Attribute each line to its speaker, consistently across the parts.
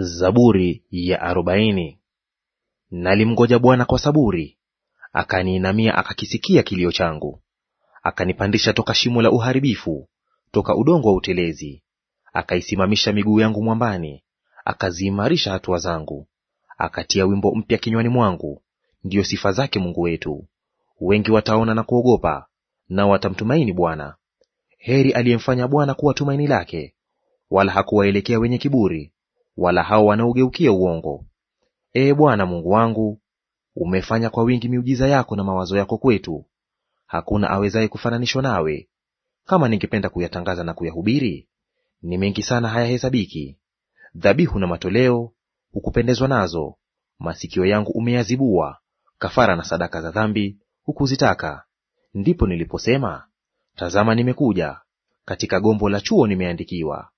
Speaker 1: Zaburi ya arobaini. Nalimngoja Bwana kwa saburi, akaniinamia akakisikia kilio changu. Akanipandisha toka shimo la uharibifu, toka udongo wa utelezi. Akaisimamisha miguu yangu mwambani, akaziimarisha hatua zangu. Akatia wimbo mpya kinywani mwangu, ndiyo sifa zake Mungu wetu. Wengi wataona na kuogopa, nao watamtumaini Bwana. Heri aliyemfanya Bwana kuwa tumaini lake, wala hakuwaelekea wenye kiburi wala hao wanaogeukia uongo. Ee Bwana Mungu wangu, umefanya kwa wingi miujiza yako na mawazo yako kwetu, hakuna awezaye kufananishwa nawe. Kama ningependa kuyatangaza na kuyahubiri, ni mengi sana, hayahesabiki. Dhabihu na matoleo hukupendezwa nazo, masikio yangu umeyazibua. Kafara na sadaka za dhambi hukuzitaka. Ndipo niliposema, tazama, nimekuja; katika gombo la chuo nimeandikiwa,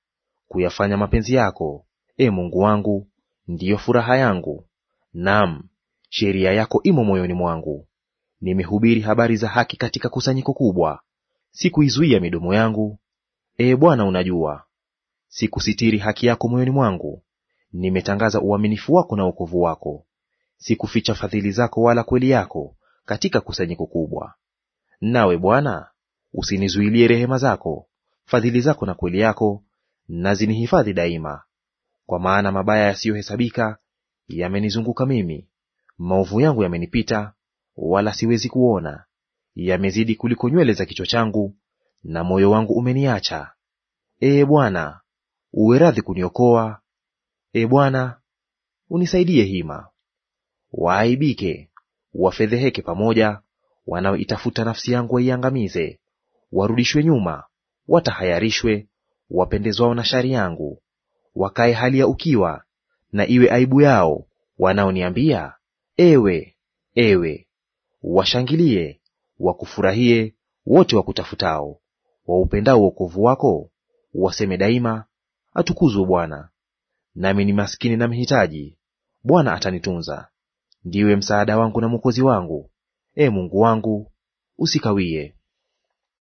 Speaker 1: kuyafanya mapenzi yako, e Mungu wangu, ndiyo furaha yangu, naam, sheria yako imo moyoni mwangu. Nimehubiri habari za haki katika kusanyiko kubwa, sikuizuia midomo yangu. e Bwana, unajua. Sikusitiri haki yako moyoni mwangu, nimetangaza uaminifu wako na wokovu wako. Sikuficha fadhili zako wala kweli yako katika kusanyiko kubwa. Nawe Bwana, usinizuilie rehema zako, fadhili zako na kweli yako, na zinihifadhi daima. Kwa maana mabaya yasiyohesabika yamenizunguka mimi, maovu yangu yamenipita, wala siwezi kuona; yamezidi kuliko nywele za kichwa changu, na moyo wangu umeniacha. Ee Bwana, uwe radhi kuniokoa; Ee Bwana, unisaidie hima. Waaibike, wafedheheke pamoja, wanaoitafuta nafsi yangu waiangamize; warudishwe nyuma, watahayarishwe, wapendezwao na shari yangu wakae hali ya ukiwa, na iwe aibu yao wanaoniambia ewe, ewe. Washangilie wakufurahie wote wakutafutao, waupendao uokovu wako waseme daima, atukuzwe Bwana. Nami ni maskini na mhitaji, Bwana atanitunza. Ndiwe msaada wangu na mwokozi wangu, e Mungu wangu, usikawie.